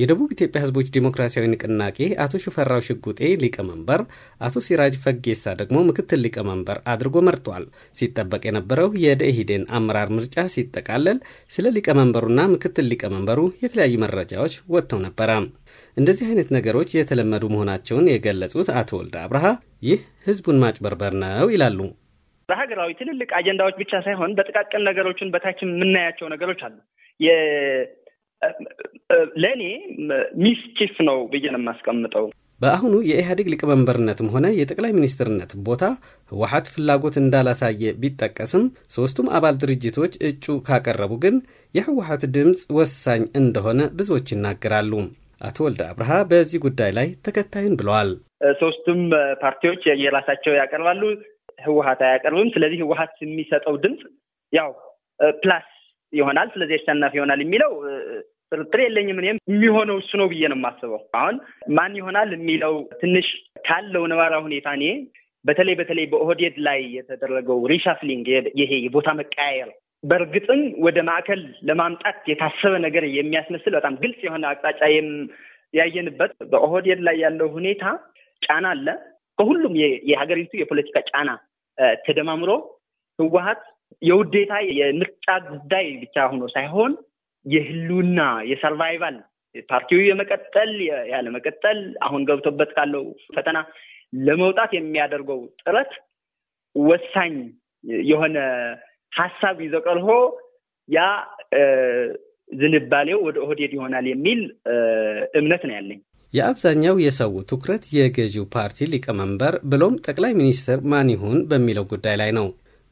የደቡብ ኢትዮጵያ ህዝቦች ዲሞክራሲያዊ ንቅናቄ አቶ ሽፈራው ሽጉጤ ሊቀመንበር፣ አቶ ሲራጅ ፈጌሳ ደግሞ ምክትል ሊቀመንበር አድርጎ መርጧል። ሲጠበቅ የነበረው የደኢህዴን አመራር ምርጫ ሲጠቃለል ስለ ሊቀመንበሩና ምክትል ሊቀመንበሩ የተለያዩ መረጃዎች ወጥተው ነበረ። እንደዚህ አይነት ነገሮች የተለመዱ መሆናቸውን የገለጹት አቶ ወልደ አብርሃ ይህ ህዝቡን ማጭበርበር ነው ይላሉ። በሀገራዊ ትልልቅ አጀንዳዎች ብቻ ሳይሆን በጥቃቅን ነገሮችን በታች የምናያቸው ነገሮች አሉ። ለእኔ ሚስኪፍ ነው ብዬ ነው የማስቀምጠው። በአሁኑ የኢህአዴግ ሊቀመንበርነትም ሆነ የጠቅላይ ሚኒስትርነት ቦታ ህወሓት ፍላጎት እንዳላሳየ ቢጠቀስም ሶስቱም አባል ድርጅቶች እጩ ካቀረቡ ግን የህወሀት ድምፅ ወሳኝ እንደሆነ ብዙዎች ይናገራሉ። አቶ ወልደ አብርሃ በዚህ ጉዳይ ላይ ተከታይን ብለዋል። ሶስቱም ፓርቲዎች የራሳቸው ያቀርባሉ፣ ህወሀት አያቀርብም። ስለዚህ ህወሀት የሚሰጠው ድምፅ ያው ፕላስ ይሆናል፣ ስለዚህ አሸናፊ ይሆናል የሚለው ጥርጥር የለኝም። እኔም የሚሆነው እሱ ነው ብዬ ነው የማስበው። አሁን ማን ይሆናል የሚለው ትንሽ ካለው ነባራ ሁኔታ እኔ በተለይ በተለይ በኦህዴድ ላይ የተደረገው ሪሻፍሊንግ ይሄ የቦታ መቀያየር በእርግጥም ወደ ማዕከል ለማምጣት የታሰበ ነገር የሚያስመስል በጣም ግልጽ የሆነ አቅጣጫ ያየንበት በኦህዴድ ላይ ያለው ሁኔታ ጫና አለ። ከሁሉም የሀገሪቱ የፖለቲካ ጫና ተደማምሮ ህወሀት የውዴታ የምርጫ ጉዳይ ብቻ ሆኖ ሳይሆን የህሉና የሰርቫይቫል ፓርቲው የመቀጠል ያለመቀጠል አሁን ገብቶበት ካለው ፈተና ለመውጣት የሚያደርገው ጥረት ወሳኝ የሆነ ሀሳብ ይዘው ቀልሆ ያ ዝንባሌው ወደ ኦህዴድ ይሆናል የሚል እምነት ነው ያለኝ። የአብዛኛው የሰው ትኩረት የገዢው ፓርቲ ሊቀመንበር ብሎም ጠቅላይ ሚኒስትር ማን ይሁን በሚለው ጉዳይ ላይ ነው።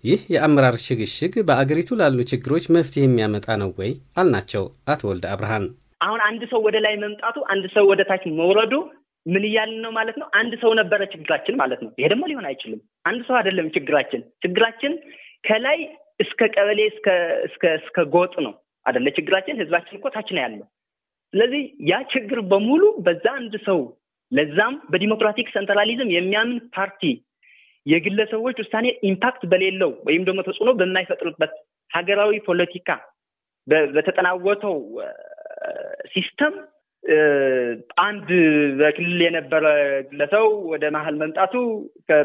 ይህ የአመራር ሽግሽግ በአገሪቱ ላሉ ችግሮች መፍትሄ የሚያመጣ ነው ወይ አልናቸው አቶ ወልደ አብርሃን። አሁን አንድ ሰው ወደ ላይ መምጣቱ፣ አንድ ሰው ወደ ታች መውረዱ ምን እያልን ነው ማለት ነው? አንድ ሰው ነበረ ችግራችን ማለት ነው። ይሄ ደግሞ ሊሆን አይችልም። አንድ ሰው አይደለም ችግራችን። ችግራችን ከላይ እስከ ቀበሌ እስከ ጎጥ ነው አደለ? ችግራችን ህዝባችን እኮ ታች ነው ያለው። ስለዚህ ያ ችግር በሙሉ በዛ አንድ ሰው ለዛም በዲሞክራቲክ ሴንትራሊዝም የሚያምን ፓርቲ የግለሰቦች ውሳኔ ኢምፓክት በሌለው ወይም ደግሞ ተጽዕኖ በማይፈጥርበት ሀገራዊ ፖለቲካ በተጠናወተው ሲስተም አንድ በክልል የነበረ ግለሰው ወደ መሀል መምጣቱ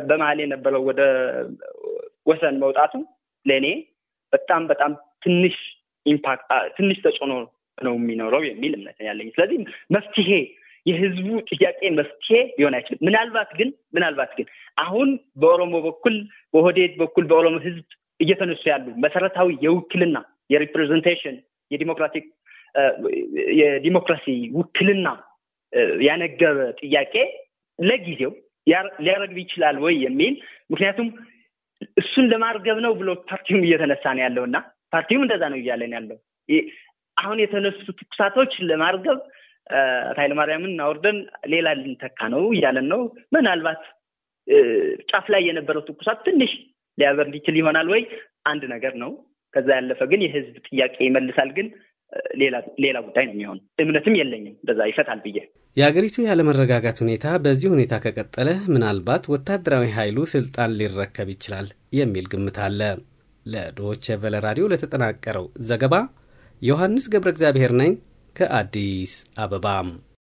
በመሀል የነበረው ወደ ወሰን መውጣቱ ለእኔ በጣም በጣም ትንሽ ኢምፓክት ትንሽ ተጽዕኖ ነው የሚኖረው የሚል እምነት ያለኝ። ስለዚህ መፍትሄ የህዝቡ ጥያቄ መፍትሄ ሊሆን አይችልም። ምናልባት ግን ምናልባት ግን አሁን በኦሮሞ በኩል በሆዴድ በኩል በኦሮሞ ህዝብ እየተነሱ ያሉ መሰረታዊ የውክልና የሪፕሬዘንቴሽን የዲሞክራቲክ የዲሞክራሲ ውክልና ያነገበ ጥያቄ ለጊዜው ሊያረግብ ይችላል ወይ የሚል ምክንያቱም እሱን ለማርገብ ነው ብሎ ፓርቲውም እየተነሳ ነው ያለው እና ፓርቲውም እንደዛ ነው እያለን ያለው አሁን የተነሱ ትኩሳቶች ለማርገብ ማርያምን አውርደን ሌላ ልንተካ ነው እያለን ነው። ምናልባት ጫፍ ላይ የነበረው ትኩሳት ትንሽ ሊያበርድ ይችል ይሆናል ወይ አንድ ነገር ነው። ከዛ ያለፈ ግን የህዝብ ጥያቄ ይመልሳል ግን ሌላ ጉዳይ ነው የሚሆን። እምነትም የለኝም በዛ ይፈታል ብዬ። የአገሪቱ ያለመረጋጋት ሁኔታ በዚህ ሁኔታ ከቀጠለ ምናልባት ወታደራዊ ኃይሉ ስልጣን ሊረከብ ይችላል የሚል ግምት አለ። ለዶቼ ቨለ ራዲዮ ለተጠናቀረው ዘገባ ዮሐንስ ገብረ እግዚአብሔር ነኝ ከአዲስ አበባ